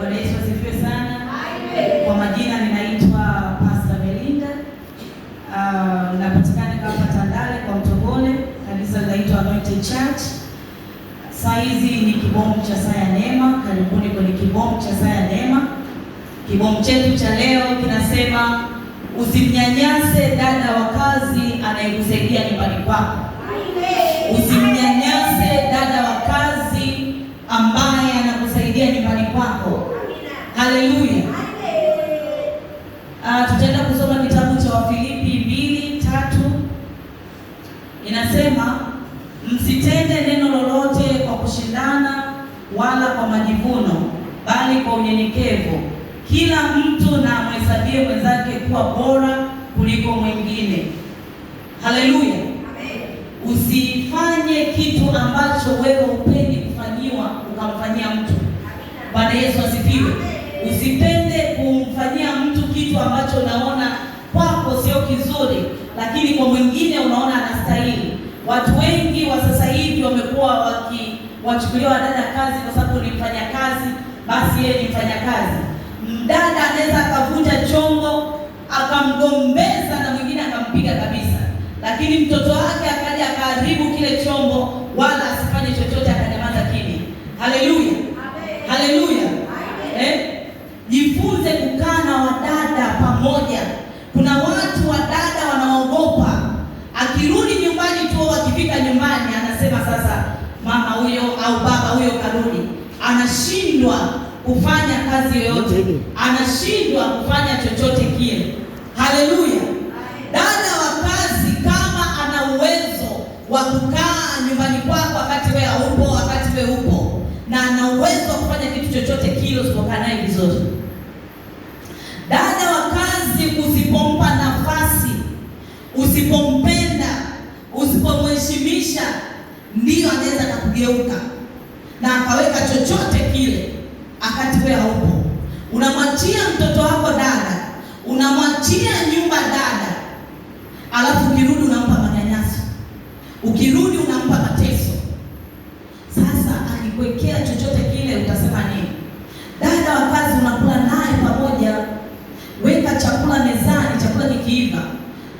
Bwana Yesu asifiwe sana. Kwa majina ninaitwa Pastor Melinda. Uh, ah, napatikana hapa Tandale kwa Mtogole, kanisa linaitwa Anointed Church. Saa hizi ni kibomu cha saa ya neema. Karibuni kwenye kibomu cha saa ya neema. Kibomu chetu cha leo kinasema usimnyanyase dada wa kazi anayekusaidia nyumbani kwako. Usimnyanyase dada wa kazi ambaye Haleluya. Uh, ah, tutaenda kusoma kitabu cha Wafilipi mbili tatu. Inasema, msitende neno lolote kwa kushindana wala kwa majivuno, bali kwa unyenyekevu kila mtu na amhesabie mwenzake kuwa bora kuliko mwingine. Haleluya. Usifanye kitu ambacho wewe upendi kufanyiwa ukamfanyia mtu. Bwana Yesu asifiwe. Usipende kumfanyia mtu kitu ambacho unaona kwako sio kizuri, lakini kwa mwingine unaona anastahili. Watu wengi wa sasa hivi wamekuwa wakiwachukulia wadada kazi, kwa sababu ni mfanyakazi, basi yeye ni mfanyakazi. Mdada anaweza akavuta chongo akamgombeza na mwingine akampiga kabisa, lakini mtoto wake akaja akaharibu kile chombo, wala asifanye chochote, akanyamaza kimya. Haleluya, haleluya. pamoja. Kuna watu wa dada wanaogopa, akirudi nyumbani tu, akifika nyumbani anasema sasa mama huyo au baba huyo karudi, anashindwa kufanya kazi yoyote, anashindwa kufanya chochote kile. Haleluya! Dada wa kazi kama ana uwezo wa kukaa nyumbani kwako wakati wewe haupo, wakati wewe upo, na ana uwezo wa kufanya kitu chochote kile usipokaa naye vizuri dada nafsi, usipompa nafasi, usipompenda, usipomheshimisha, ndiyo anaweza akakugeuka na akaweka chochote kile akati wewe haupo. Unamwachia mtoto wako dada, unamwachia nyumba dada, alafu ukirudi unampa manyanyaso, ukirudi kuiva.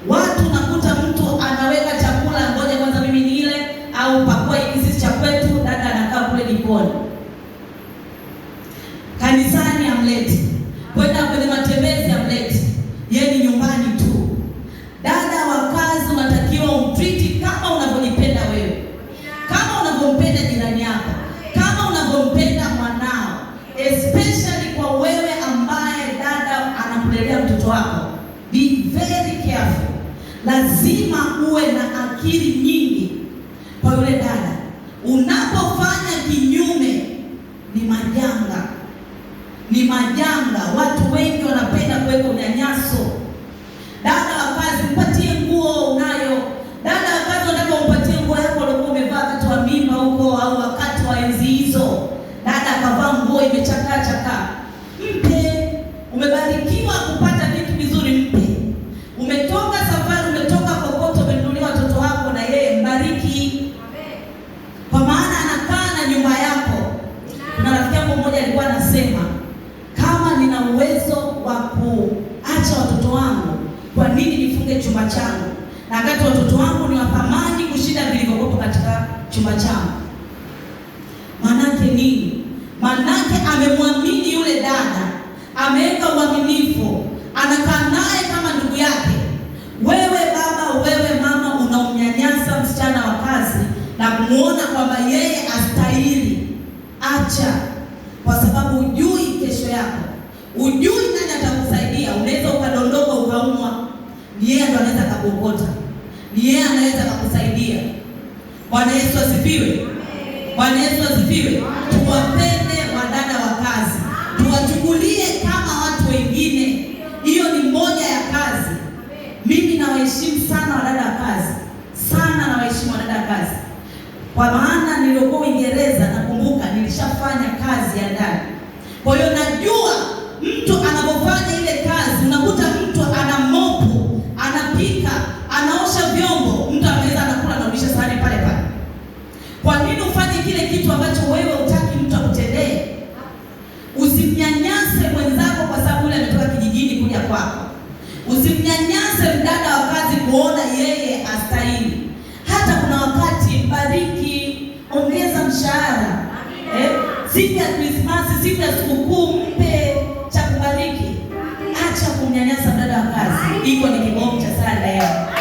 Watu nakuta mtu anaweka chakula, ngoja kwanza mimi niile, au pakua hiki sisi cha kwetu, dada anakaa kule jikoni. Kanisani amleti, kwenda kwenye matembezi amleti, yeye ni nyumbani tu. Dada wa kazi, unatakiwa umtriti kama unavyojipenda wewe, kama unavyompenda jirani yako, kama unavyompenda mwanao, especially kwa wewe ambaye dada anakulelea mtoto wako Be very careful. Lazima uwe na akili nyingi kwa yule dada. Unapofanya kinyume ni majanga, ni majanga. nikasema kama nina uwezo wa kuacha watoto wangu, kwa nini nifunge chumba changu, na wakati watoto wangu ni wa kushinda vilivyokuwepo katika chumba changu? Maanake nini? Maanake amemwamini yule dada, ameweka uaminifu, anakaa naye kama ndugu yake. Wewe baba, wewe mama, unamnyanyasa msichana wa kazi na kumwona kwamba yeye astahili, acha Ujui nani atakusaidia. Unaweza ukadondoka ukaumwa, ni yeye ndo anaweza akakuokota, ni yeye anaweza akakusaidia. Bwana Yesu asifiwe! Bwana Yesu asifiwe! Tuwapende wadada wa kazi, tuwachukulie kama watu wengine. Hiyo ni moja ya kazi. Mimi nawaheshimu sana wadada wa kazi, sana nawaheshimu wadada wa kazi, kwa maana nilipokuwa Uingereza nakumbuka nilishafanya kazi ya ndani, kwa hiyo Usimnyanyase mdada wa kazi kuona yeye astahili. Hata kuna wakati mbariki, ongeza mshahara eh. Siku ya Krismasi, siku ya sikukuu, mpe cha kubariki. Acha kumnyanyasa mdada wa kazi. Iko ni kibomu cha sala leo.